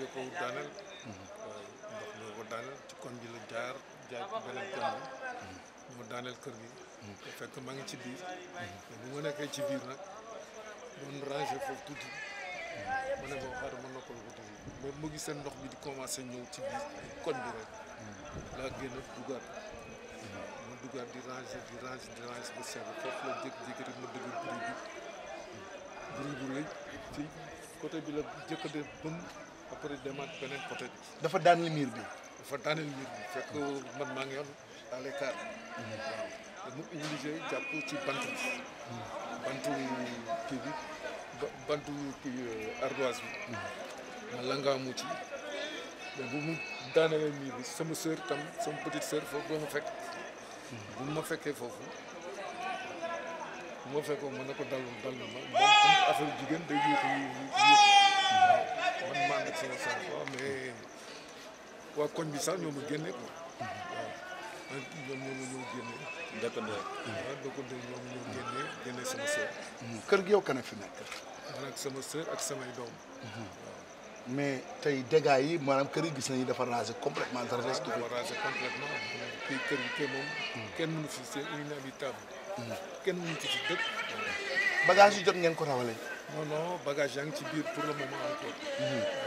ñoo ko daaneel. ndox ñoo ko daaneel ci koñ bi la jaar jaar beneen koñ bi. moo daaneel kër gi. te maa ngi ci biir. te bu nekkee ci biir nag doon rangé foofu tuuti. ma boo xaaral ma noppal ko tuuti ndox bi di commencé ñëw ci biir koñ bi rek. laa génn dugaat. ma dugaat di rangé di rangé di rangé foofu la jékki-jékki rek ma dégg bi. bruit bu rëy ci côté bi la jëkkëte bëm. après demaat beneen côté dafa daan miir bi. dafa daan li miir bi fekk man maa ngi yoon à l'écart. mu obligé jàpp ci bant bi. bantu kii bi bantu kii euh, ardoise bi. ma langaamu ci. mais bu mu daanelee miir bi sama sœur tam sama petite sœur foofu ba ma fekk. bu ma fekkee foofu. bu ma fekkoon ma ne ko dalul dal na ma moom affaire jigéen day yóotu yóotu. quatre cinq cent mais waa koñ bi sax ñoo ma génne quoi. waaw ñoo ma ñëw génne. dëkkandoo waaw dëkkandoo ñoom ñoo génne génne sama sœur. kër gi yow kan fi nekk. man ak sama sœur ak samay doom. mais tey dégâts yi maanaam kër yi gis nañu dafa rasé complètement dafa rasé complètement kii kër yi kër moom kenn mënu fi bi inhabitable kenn mënu ci ci dëkk bagage yi jot ngeen ko rawale non non bagage yaa ngi ci biir pour le moment encore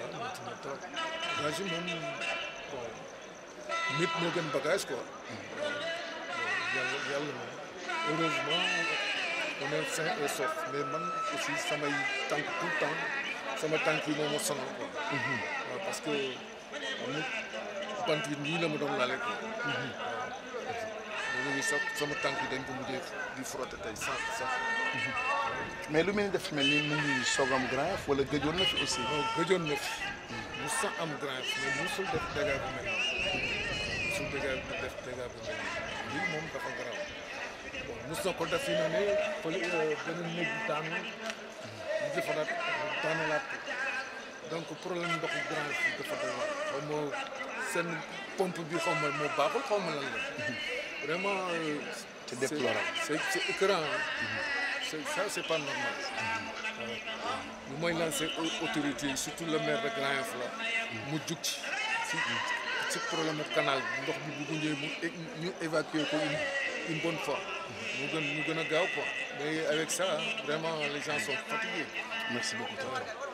waaw métti na trop bagage yi moom bon nit moo gën bagage quoi yàlla yàlla moom heureusement on est sain et sauf mais man aussi samay tànk tout le temps sama tànk yi moom moo sonal quoi waaw mhm. parce que nit bant yi nii la ma doon laale quoi mhm. ñu ngi sax sama tànk yi dañ ko mujjee di frotter tey sax sax. mais lu mel ni def mel ni mu ngi soog am grand F wala gëjoon na fi aussi. non gëjoon na fi. mu sax am grand F mais musul def dégâts bu mel nii musul dégâts def dégâts bu mel nii lii moom dafa garaaw bon mos na ko def fi mu ne fële euh, benn néeg bi daanu ñu jëfandikoo daanalaat ko donc problème ndox grand F bi dafa doy waar xaw ma seen pompe bi xaw ma moo baaxul xaw ma lan la. Vraiment, euh, c'est déplorable. C'est écœurant. Hein. Ça, c'est pas normal. Nous avons c'est autorité, surtout le maire de Grand Yoff, mm-hmm. mu jug ci ci problème canal Nous bi bu évacuer une bonne fois. nous gën mu gën quoi. mais avec ça hein, vraiment les gens sont fatigués. merci beaucoup.